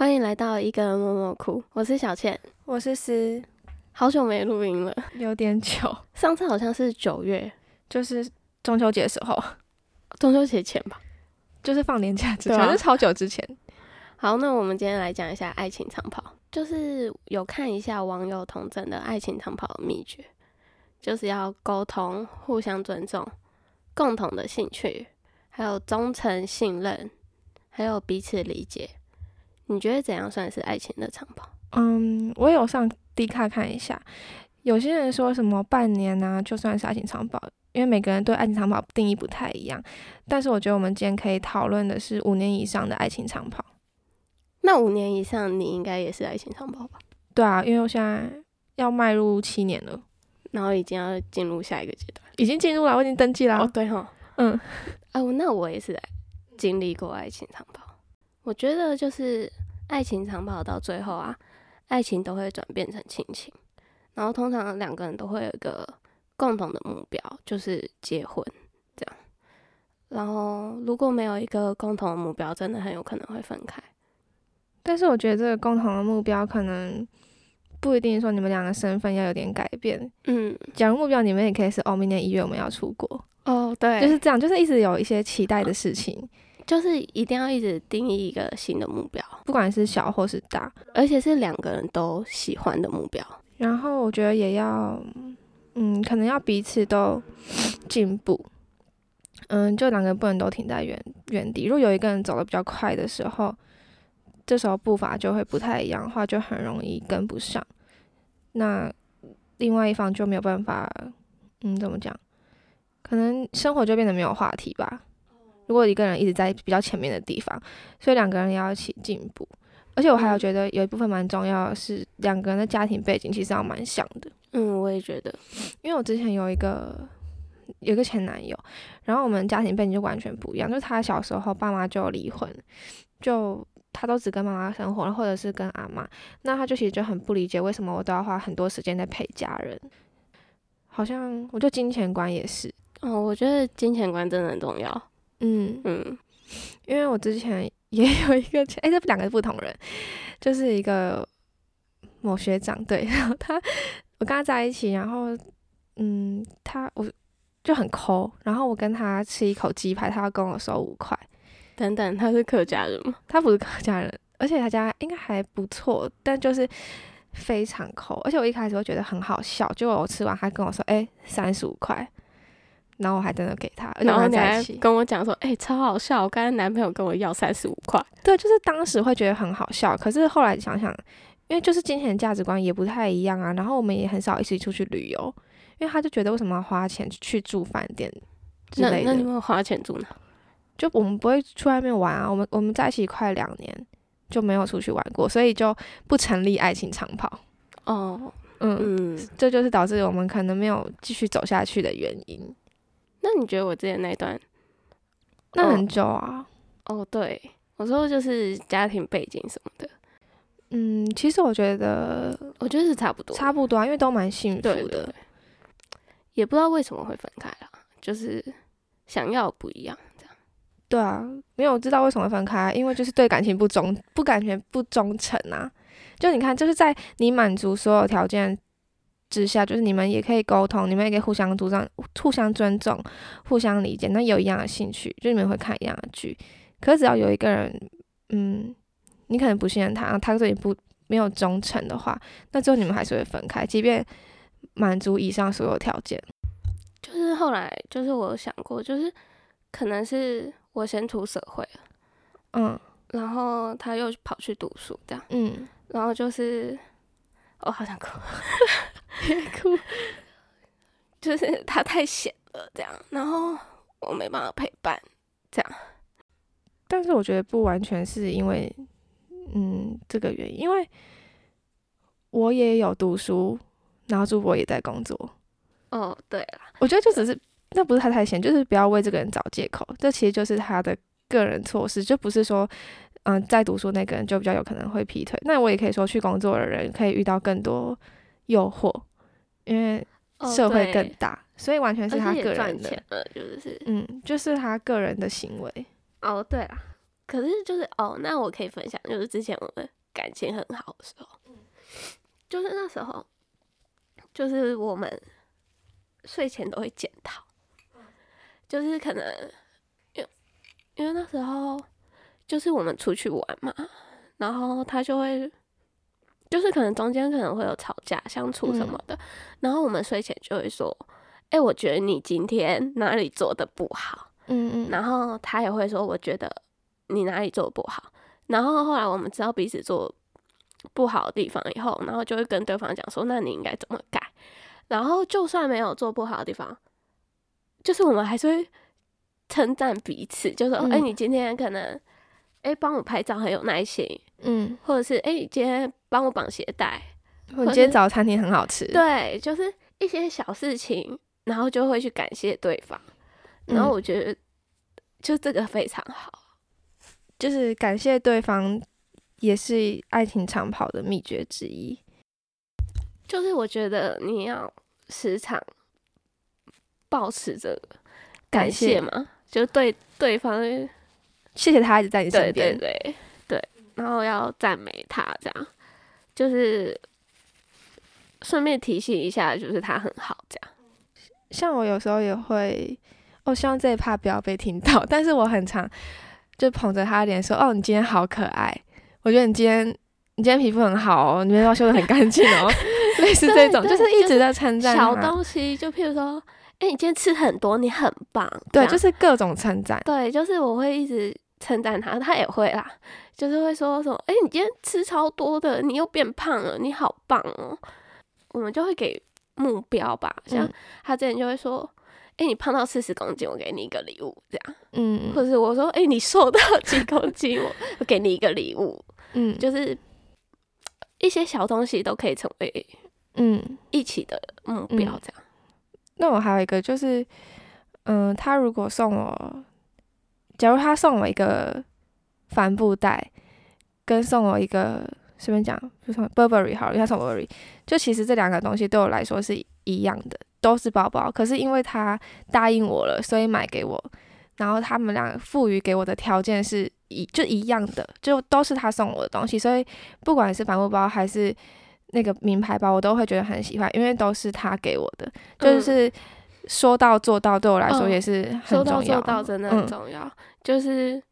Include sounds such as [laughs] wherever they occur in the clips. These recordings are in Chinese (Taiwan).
歡迎來到一個人默默哭，我是小茜，我是詩，好久沒錄音了，有點久，上次好像是九月，就是中秋節的時候，中秋節前吧，就是放年假之前，反正超久之前。好，那我們今天來講一下愛情長跑，就是有看一下網友同診的愛情長跑的秘訣，就是要溝通、互相尊重、共同的興趣，還有忠誠、信任，還有彼此理解。你覺得怎樣算是愛情的長跑？嗯，我有上 D 卡看一下，有些人說什麼半年呢、啊、就算是愛情長跑，因為每個人對愛情長跑定義不太一樣。但是我覺得我們今天可以討論的是五年以上的愛情長跑。那五年以上，你應該也是愛情長跑吧？對啊，因為我現在要邁入七年了，然後已經要進入下一個階段，已經進入了，我已經登記了。哦、對哈、哦，嗯，哦、啊，那我也是經歷過愛情長跑。我覺得就是。愛情長跑到最後啊，愛情都會轉變成親情，然後通常兩個人都會有一個共同的目標，就是結婚這樣。然後如果沒有一個共同的目標，真的很有可能會分開。但是我覺得這個共同的目標，可能不一定說你們兩個身份要有點改變。嗯，假如目標你們也可以是哦，明年一月我們要出國。哦，oh, 對，就是這樣，就是一直有一些期待的事情。就是一定要一直定義一個新的目標，不管是小或是大，而且是兩個人都喜歡的目標。然後我覺得也要，嗯，可能要彼此都進步，嗯，就兩個人不能都停在原原地。如果有一個人走得比較快的時候，這時候步伐就會不太一樣的話，話就很容易跟不上。那另外一方就沒有辦法，嗯，怎麼講？可能生活就變得沒有話題吧。如果一個人一直在比較前面的地方，所以兩個人要一起進步。而且我還有覺得有一部分蠻重要的是兩個人的家庭背景其實還蠻像的。嗯，我也覺得，因為我之前有一個有一個前男友，然後我們家庭背景就完全不一樣。就是他小時候爸媽就離婚，就他都只跟媽媽生活，或者是跟阿媽。那他就其實就很不理解為什麼我都要花很多時間在陪家人。好像我覺得金錢觀也是。嗯、哦，我覺得金錢觀真的很重要。嗯嗯，嗯，因為我之前也有一個，哎、欸，這兩個是不同人，就是一個某學長，對，然後他，我跟他在一起，然後，嗯，他我就很摳，然後我跟他吃一口雞排，他要跟我收五塊，等等，他是客家人嗎？他不是客家人，而且他家應該還不錯，但就是非常摳，而且我一開始會覺得很好笑，就我吃完，他跟我說，哎、欸，三十五塊。然後我還真的給他，他在一起然後你還跟我講說，哎、欸，超好笑！我剛才男朋友跟我要三十五塊，對，就是當時會覺得很好笑，可是後來想想，因為就是金錢價值觀也不太一樣啊。然後我們也很少一起出去旅遊，因為他就覺得為什麼要花錢去住飯店之類的？那，那你們花錢住呢？就我們不會去外面玩啊。我們我們在一起快兩年，就沒有出去玩過，所以就不成立愛情長跑。哦，oh, 嗯，嗯嗯，這就是導致我們可能沒有繼續走下去的原因。那你覺得我之前那一段，那很久啊？哦，哦，對我說就是家庭背景什麼的。嗯，其實我覺得，我覺得是差不多，差不多啊，因為都蠻幸福的，對對對。也不知道為什麼會分開啦，就是想要不一樣，這樣。對啊，沒有知道為什麼會分開，因為就是對感情不忠，不感覺不忠誠啊。就你看，就是在你滿足所有條件之下，就是你們也可以溝通，你們也可以互相主張，互相尊重、互相理解。那有一樣的興趣，就你們會看一樣的劇。可是只要有一個人，嗯，你可能不信任他，他對你不沒有忠誠的話，那最後你們還是會分開。即便滿足以上所有條件，就是後來就是我想過，就是可能是我先出社會，嗯，然後他又跑去讀書這樣，嗯，然後就是我、哦、好想哭。 [laughs] 太酷， [laughs] [laughs] 就是他太閑了，這樣，然後我沒辦法陪伴，這樣。但是我覺得不完全是因為，嗯，這個原因，因為我也有讀書，然後主播也在工作。哦，oh, 對了，我覺得就只是，那不是他太閑，就是不要為這個人找借口，這其實就是他的個人措施，就不是說，嗯，在讀書那個人就比較有可能會劈腿，那我也可以說去工作的人可以遇到更多誘惑。因為社會更大，哦、所以完全是他個人的，錢了就是，是嗯，就是他個人的行為。哦，對啊，可是就是哦，那我可以分享，就是之前我們感情很好的時候，嗯、就是那時候，就是我們睡前都會檢討，嗯、就是可能因，因因為那時候就是我們出去玩嘛，然後他就會。就是可能中間可能會有吵架、相處什麼的，嗯、然後我們睡前就會說：“哎、欸，我覺得你今天哪裡做得不好。”嗯嗯，然後他也會說：“我覺得你哪裡做不好。”然後後來我們知道彼此做不好的地方以後，然後就會跟對方講說：“那你應該怎麼改？”然後就算沒有做不好的地方，就是我們還是會稱讚彼此，就是、說：“哎、嗯欸，你今天可能。”哎，幫、欸、我拍照很有耐心，嗯，或者是哎，欸、你今天幫我綁鞋帶，或今天早餐廳很好吃，對，就是一些小事情，然後就會去感謝對方，然後我覺得、嗯、就這個非常好，就是感謝對方也是愛情長跑的秘訣之一，就是我覺得你要時常保持這個感謝嘛，謝就對對方。謝謝他一直在你身邊，對對對，對，然後要讚美他，這樣就是順便提醒一下，就是他很好，這樣。像我有時候也會，哦，希望這一趴不要被聽到。但是我很常就捧着他臉說：“哦，你今天好可愛，我覺得你今天你今天皮膚很好哦，你眉毛修得很乾淨哦。” [laughs] 類似這種，對對就是一直在稱讚、啊、小東西，就譬如說。哎、欸，你今天吃很多，你很棒。對，就是各種稱讚。對，就是我會一直稱讚他，他也會啦，就是會說什麼：“哎、欸，你今天吃超多的，你又變胖了，你好棒哦、喔。”我們就會給目標吧，像、嗯、他之前就會說：“哎、欸，你胖到四十公斤，我給你一個禮物。”這樣，嗯，或是我說：“哎、欸，你瘦到幾公斤， [laughs] 我給你一個禮物。”嗯，就是一些小東西都可以成為嗯一起的目標，嗯、這樣。那我還有一個就是，嗯，他如果送我，假如他送我一個帆布袋，跟送我一個，隨便講，就送 Burberry 好了，他送 Burberry，就其實這兩個東西對我來說是一樣的，都是包包。可是因為他答應我了，所以買給我。然後他們倆賦予給我的條件是一就一樣的，就都是他送我的東西，所以不管是帆布包還是，那個名牌包，我都會覺得很喜歡，因為都是他給我的，嗯、就是說到做到，對我來說也是很重要，嗯、說到做到真的很重要。嗯、就是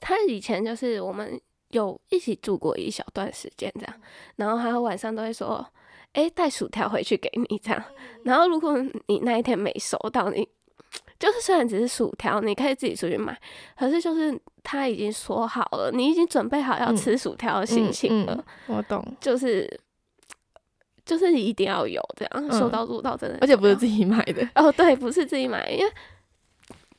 他以前就是我們有一起住過一小段時間，這樣，然後他晚上都會說：“誒、欸，帶薯條回去給你。”這樣，然後如果你那一天沒收到，你就是雖然只是薯條，你可以自己出去買，可是就是他已經說好了，你已經準備好要吃薯條的心情了。嗯嗯嗯、我懂，就是。就是你一定要有這樣，說到做到真的到、嗯，而且不是自己買的哦，對，不是自己買，因為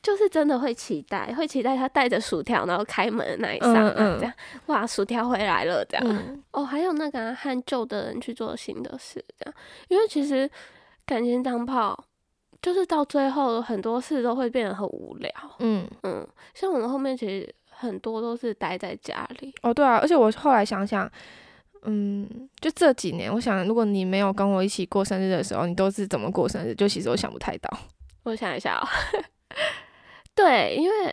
就是真的會期待，會期待他帶着薯條然後開門那一下這樣哇，薯條回來了這樣。嗯、哦，還有那個、啊、和舊的人去做新的事，這樣，因為其實感情長跑就是到最後很多事都會變得很無聊。嗯嗯，像我們後面其實很多都是待在家裡。哦，對啊，而且我後來想想。嗯，就這幾年，我想，如果你沒有跟我一起過生日的時候，你都是怎麼過生日？就其實我想不太到，我想一下啊、喔。 [laughs] 對，因為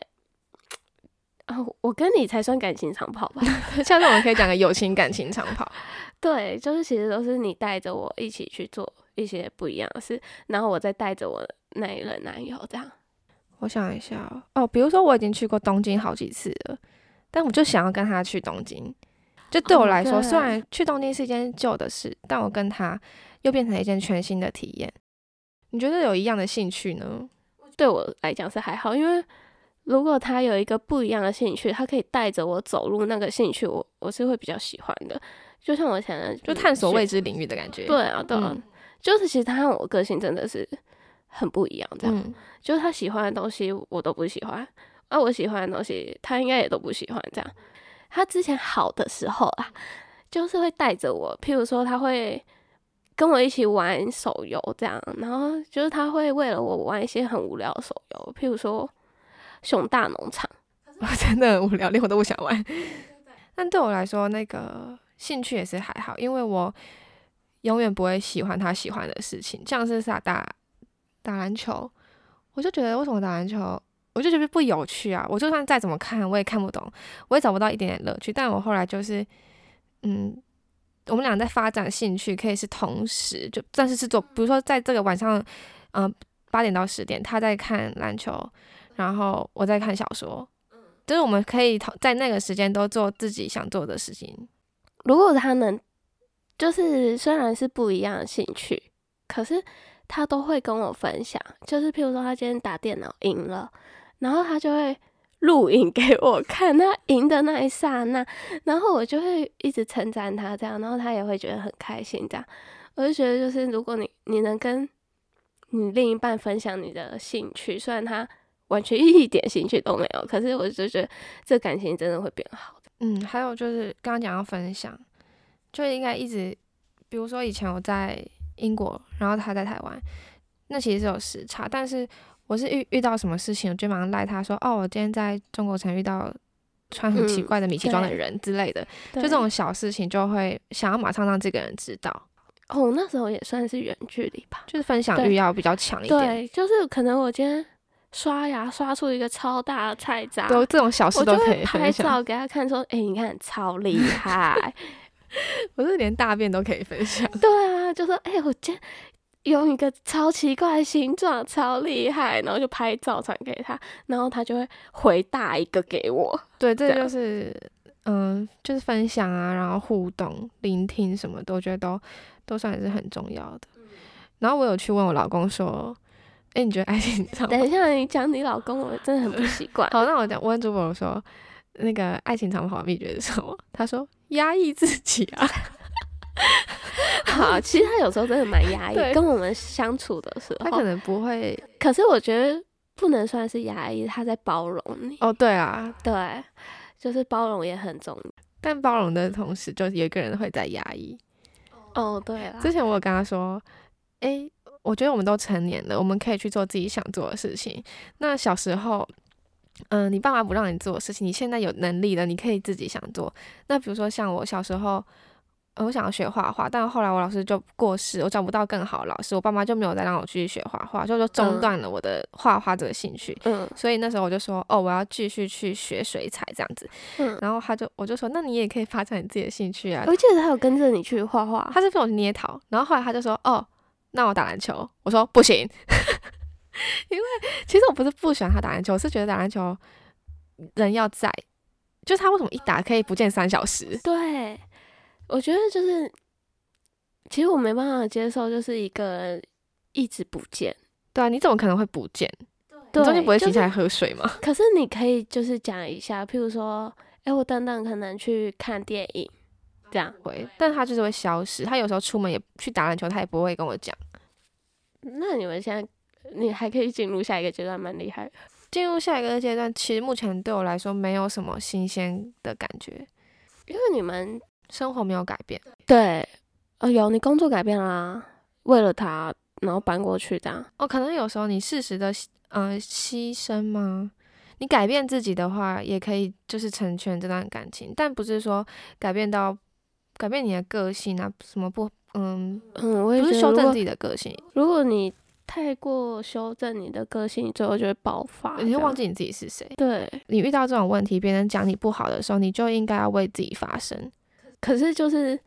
啊、哦，我跟你才算感情長跑吧。下次 [laughs] 我們可以講個友情感情長跑。 [laughs] 對，就是其實都是你帶着我一起去做一些不一樣的事，然後我再帶着我那一任男友這樣。我想一下、喔、哦，比如說我已經去過東京好幾次了，但我就想要跟他去東京。就對我來說，oh, 對雖然去東京是一件舊的事，但我跟他又變成一件全新的體驗。你覺得有一樣的興趣呢？對我來講是還好，因為如果他有一個不一樣的興趣，他可以帶着我走入那個興趣，我我是會比較喜歡的。就像我前面、就是、就探索未知領域，的感覺。感覺對啊，對啊，嗯、就是其實他和我個性真的是很不一樣，這樣。嗯、就是他喜歡的東西我都不喜歡，而、啊、我喜歡的東西他應該也都不喜歡，這樣。他之前好的時候啊，就是會帶着我，譬如說他會跟我一起玩手遊這樣，然後就是他會為了我玩一些很無聊的手遊，譬如說《熊大農場》， [laughs] 真的很無聊，連我都不想玩。但對我來說，那個興趣也是還好，因為我永遠不會喜歡他喜歡的事情。像是他打打籃球，我就覺得為什麼打籃球？我就覺得不有趣啊！我就算再怎麼看，我也看不懂，我也找不到一點點樂趣。但我後來就是，嗯，我們倆在發展興趣，可以是同時，就暫時是做，比如說在這個晚上，嗯、呃，八點到十點，他在看籃球，然後我在看小說，就是我們可以同在那個時間都做自己想做的事情。如果他能，就是雖然是不一樣的興趣，可是他都會跟我分享，就是譬如說他今天打電腦贏了。然後他就會錄影給我看，他贏的那一剎那，然後我就會一直稱讚他這樣，然後他也會覺得很開心這樣。我就覺得，就是如果你你能跟你另一半分享你的興趣，雖然他完全一點興趣都沒有，可是我就覺得這感情真的會變好的。嗯，還有就是剛剛講到分享，就應該一直，比如說以前我在英國，然後他在台灣，那其實是有時差，但是。我是遇遇到什麼事情，我就馬上賴他說，哦，我今天在中國城遇到穿很奇怪的米奇裝的人之類的，嗯、就這種小事情就會想要馬上讓這個人知道。哦，那時候也算是遠距離吧，就是分享欲要比較強一點對。對，就是可能我今天刷牙刷出一個超大的菜渣，對，這種小事都可以分享，就拍照給他看，說，哎、欸，你看超厲害。 [laughs] 我是連大便都可以分享。對啊，就說，哎、欸，我今天。用一個超奇怪的形狀，超厲害，然後就拍照傳給他，然後他就會回答一個給我。對，這就是，嗯對、呃，就是分享啊，然後互動、聆聽什麼我覺得都都算是很重要的。嗯、然後我有去問我老公說，哎，你覺得愛情長跑？等一下，你講你老公，我真的很不習慣。 [laughs] 好，那我講，我問主播說，那個愛情長跑秘訣是什麼？他說，壓抑自己啊。 [laughs] [laughs] 好，其實他有時候真的蠻壓抑， [laughs] 對跟我們相處的時候，他可能不會。可是我覺得不能算是壓抑，他在包容你。哦，對啊，對，就是包容也很重要，但包容的同時，就有一個人會在壓抑。哦，對啊。之前我有跟他說，哎、欸，我覺得我們都成年了，我們可以去做自己想做的事情。那小時候，嗯、呃，你爸媽不讓你做的事情，你現在有能力了，你可以自己想做。那比如說像我小時候。我想要學畫畫，但後來我老師就過世，我找不到更好的老師，我爸媽就沒有再讓我繼續學畫畫，就說中斷了我的畫畫這個興趣。嗯，所以那時候我就說，哦，我要繼續去學水彩這樣子。嗯，然後他就我就說，那你也可以發展你自己的興趣啊。我記得他有跟着你去畫畫，他是被我捏陶，然後後來他就說，哦，那我打籃球。我說不行， [laughs] 因為其實我不是不喜歡他打籃球，我是覺得打籃球人要在，就是他為什麼一打可以不見三小時？對。我覺得就是，其實我沒辦法接受，就是一個人一直不見。對啊，你怎麼可能會不見？對，你中間不會停下來喝水嗎、就是？可是你可以就是講一下，譬如說，哎、欸，我等等可能去看電影，這樣。會，但他就是會消失。他有時候出門也去打籃球，他也不會跟我講。那你們現在你還可以進入下一個階段，蠻厲害的。進入下一個階段，其實目前對我來說沒有什麼新鮮的感覺，因為你們。生活沒有改變，對，啊、哦、有你工作改變啦、啊，為了他然後搬過去這樣。哦，可能有時候你適時的啊呃犧牲嗎？你改變自己的話也可以，就是成全這段感情，但不是說改變到改變你的個性啊什麼不，嗯嗯，我也覺得不是修正自己的個性如。如果你太過修正你的個性，你最後就會爆發，你就忘記你自己是誰。對，你遇到這種問題，別人講你不好的時候，你就應該要為自己發聲。可是，就是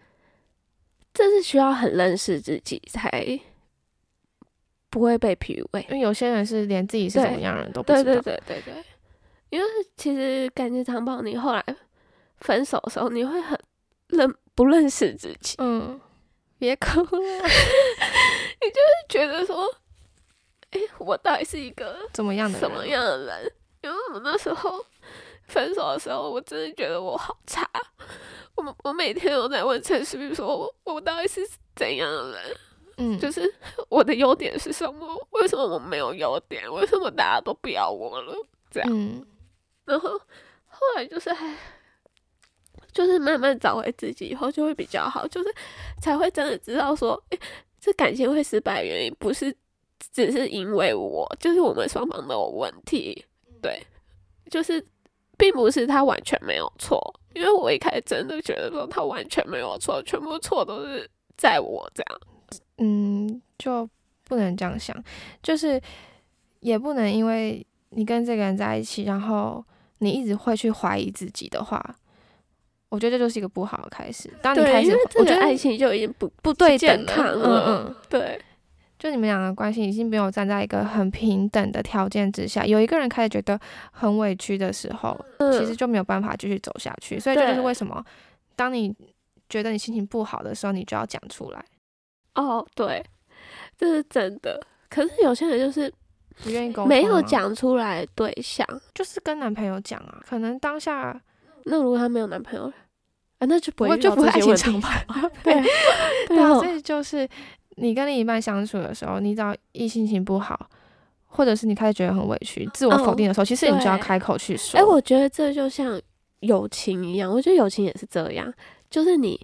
這是需要很認識自己，才不會被 PUA。因為有些人是連自己是什麼樣的人對都不知道。對對對對對。因為其實感情長跑，你後來分手的時候，你會很認不認識自己。嗯，別哭了。 [laughs] 你就是覺得說，誒、欸，我到底是一個怎麼樣的什麼樣的人？的人因為我那時候。分手的時候，我真的覺得我好差。我我每天都在問陳世斌，說我我到底是怎樣的人？嗯，就是我的優點是什麼？為什麼我沒有優點？為什麼大家都不要我了？這樣。嗯。然後後來就是還就是慢慢找回自己以後就會比較好，就是才會真的知道說，誒，這感情會失敗的原因不是只是因為我，就是我們雙方都有問題。嗯。對，就是。並不是他完全沒有錯，因為我一開始真的覺得說他完全沒有錯，全部錯都是在我這樣，嗯，就不能這樣想，就是也不能因為你跟這個人在一起，然後你一直會去懷疑自己的話，我覺得這就是一個不好的開始。當你開始，對我覺得愛情就已經不不對等了。嗯嗯。你們兩個關係已經沒有站在一個很平等的條件之下，有一個人開始覺得很委屈的時候，嗯、其實就沒有辦法繼續走下去。所以這就，就是為什麼，當你覺得你心情不好的時候，你就要講出來。哦，對，這是真的。可是有些人就是不願意溝通，沒有講出來。對象、啊、就是跟男朋友講啊，可能當下那如果他沒有男朋友，啊，那就不會我就不會愛情長跑、啊、對， [laughs] 對啊，所以就是。 [laughs] 你跟另一半相處的時候，你只要一心情不好，或者是你開始覺得很委屈、自我否定的時候，其實你就要開口去說。誒、哦欸欸，我覺得這就像友情一樣，我覺得友情也是這樣，就是你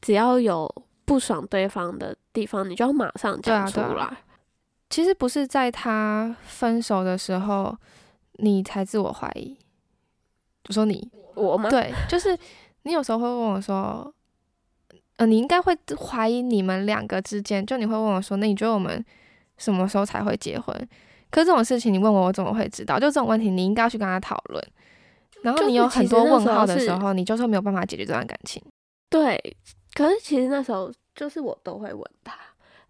只要有不爽對方的地方，你就要馬上就要說出來、啊。其實不是在他分手的時候，你才自我懷疑。我說你，我們嗎對，就是你有時候會問我說。嗯、呃，你應該會懷疑你們兩個之間，就你會問我說：“那你覺得我們什麼時候才會結婚？”可這種事情你問我，我怎麼會知道？就這種問題，你應該要去跟他討論。然後你有很多問號的時候，就是其實那時候是，你就是沒有辦法解決這段感情。對，可是其實那時候就是我都會問他，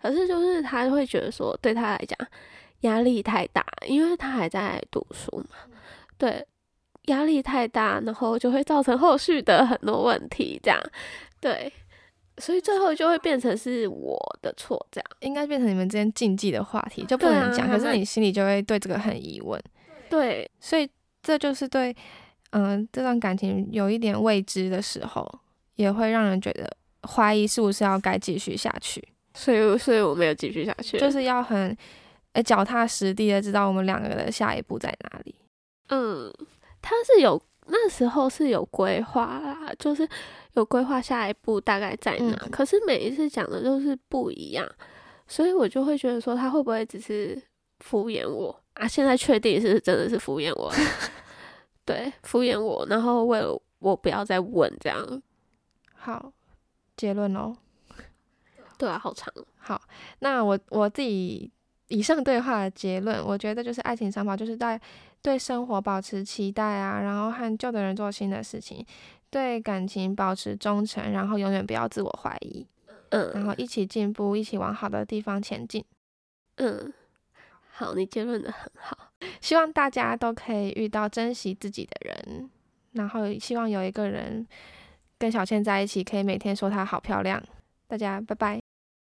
可是就是他會覺得說，對他來講壓力太大，因為他還在讀書嘛。對，壓力太大，然後就會造成後續的很多問題，這樣，對。所以最後就會變成是我的錯，這樣，應該變成你們之間禁忌的話題就不能講，啊、可是你心裡就會對這個很疑問。對，所以這就是對，嗯、呃，這段感情有一點未知的時候，也會讓人覺得懷疑是不是要該繼續下去。所以，所以我沒有繼續下去，就是要很誒腳踏實地的知道我們兩個人的下一步在哪裡。嗯，他是有那時候是有規劃啦，就是。有規劃下一步大概在哪，嗯、可是每一次講的都是不一樣，所以我就會覺得說他會不會只是敷衍我啊？現在確定是真的是敷衍我了， [laughs] 對，敷衍我，然後為了我不要再問這樣。好，結論哦。對啊，好長。好，那我我自己以上對話的結論，我覺得就是愛情長跑就是在對生活保持期待啊，然後和舊的人做新的事情，對感情保持忠誠，然後永遠不要自我懷疑，嗯，然後一起進步，一起往好的地方前進，嗯，好，你結論得很好，希望大家都可以遇到珍惜自己的人，然後希望有一個人跟小茜在一起，可以每天說她好漂亮，大家拜拜，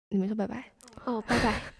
你們說拜拜，哦，oh, 拜拜。 [laughs]